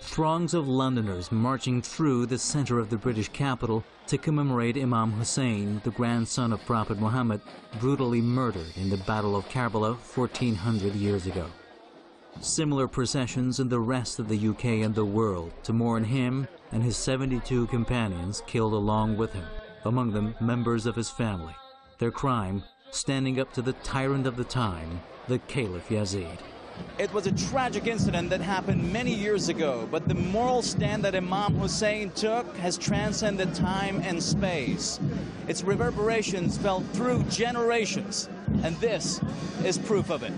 Throngs of Londoners marching through the center of the British capital to commemorate Imam Hussein, the grandson of Prophet Muhammad, brutally murdered in the Battle of Karbala 1400 years ago. Similar processions in the rest of the UK and the world to mourn him and his 72 companions killed along with him, among them members of his family. Their crime, standing up to the tyrant of the time, the Caliph Yazid. It was a tragic incident that happened many years ago, but the moral stand that Imam Hussein took has transcended time and space. Its reverberations felt through generations, and this is proof of it.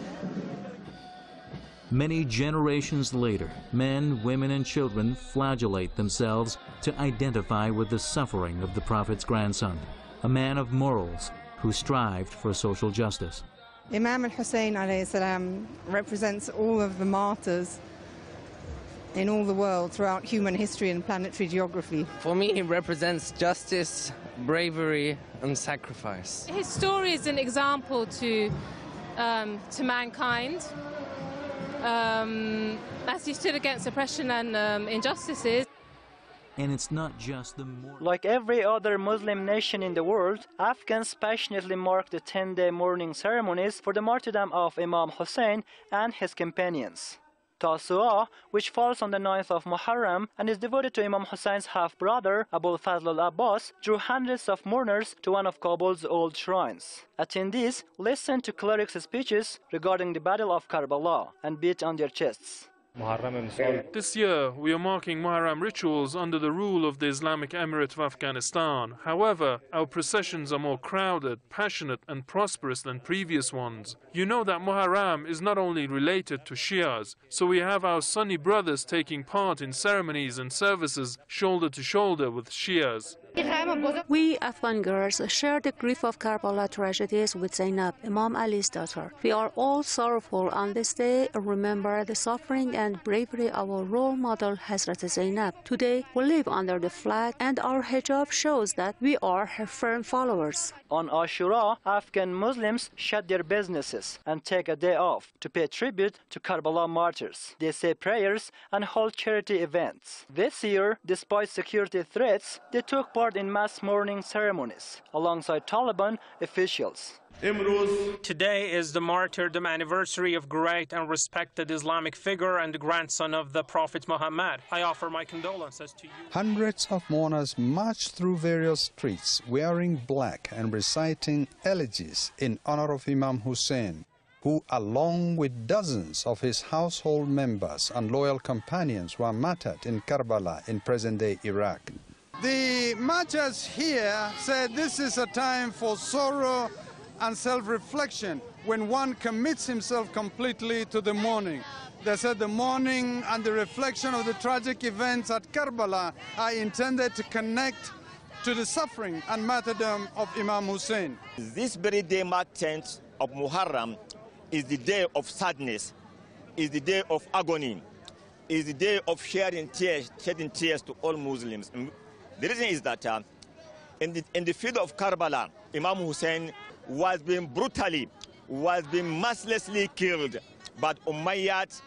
Many generations later, men, women, and children flagellate themselves to identify with the suffering of the Prophet's grandson, a man of morals who strived for social justice. Imam al-Hussein represents all of the martyrs in all the world throughout human history and planetary geography. For me, he represents justice, bravery and sacrifice. His story is an example to, um, to mankind um, as he stood against oppression and um, injustices. And it's not just the morning. Like every other Muslim nation in the world, Afghans passionately mark the 10-day mourning ceremonies for the martyrdom of Imam Hussein and his companions. Tasu'a, which falls on the 9th of Muharram and is devoted to Imam Hussein's half-brother, Abul Fazl al-Abbas, drew hundreds of mourners to one of Kabul's old shrines. Attendees listened to clerics' speeches regarding the Battle of Karbala and beat on their chests. This year, we are marking Muharram rituals under the rule of the Islamic Emirate of Afghanistan. However, our processions are more crowded, passionate and prosperous than previous ones. You know that Muharram is not only related to Shias, so we have our Sunni brothers taking part in ceremonies and services shoulder to shoulder with Shias. We Afghan girls share the grief of Karbala tragedies with Zainab, Imam Ali's daughter. We are all sorrowful on this day, remember the suffering and bravery of our role model Hazrat Zainab. Today, we live under the flag and our hijab shows that we are her firm followers. On Ashura, Afghan Muslims shut their businesses and take a day off to pay tribute to Karbala martyrs. They say prayers and hold charity events. This year, despite security threats, they took part Part in mass mourning ceremonies alongside Taliban officials. Today is the martyrdom anniversary of great and respected Islamic figure and grandson of the Prophet Muhammad. I offer my condolences to you. Hundreds of mourners marched through various streets wearing black and reciting elegies in honor of Imam Hussein, who, along with dozens of his household members and loyal companions, were martyred in Karbala in present day Iraq. The marchers here said this is a time for sorrow and self-reflection when one commits himself completely to the mourning. They said the mourning and the reflection of the tragic events at Karbala are intended to connect to the suffering and martyrdom of Imam Hussein. This very day, March 10th of Muharram, is the day of sadness, is the day of agony, is the day of shedding tears, shedding tears to all Muslims, the reason is that uh, in, the, in the field of Karbala, Imam Hussein was being brutally, was being mercilessly killed, but Umayyad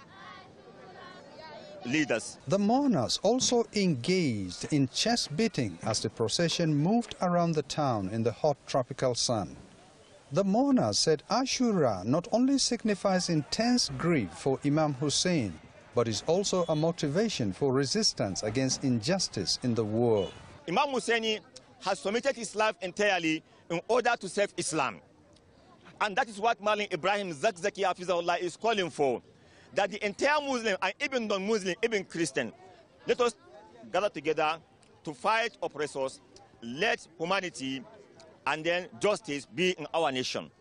leaders. The mourners also engaged in chest beating as the procession moved around the town in the hot tropical sun. The mourners said Ashura not only signifies intense grief for Imam Hussein, but is also a motivation for resistance against injustice in the world. Imam Husseini has submitted his life entirely in order to save Islam. And that is what Malin Ibrahim Zakzaki Hafizahullah is calling for, that the entire Muslim and even non-Muslim, even Christian, let us gather together to fight oppressors, let humanity and then justice be in our nation.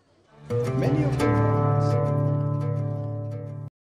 Many